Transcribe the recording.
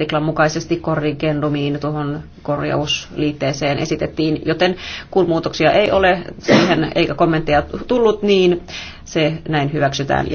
artiklan mukaisesti kendumiin tuohon korjausliitteeseen esitettiin, joten kun muutoksia ei ole siihen eikä kommentteja tullut, niin se näin hyväksytään.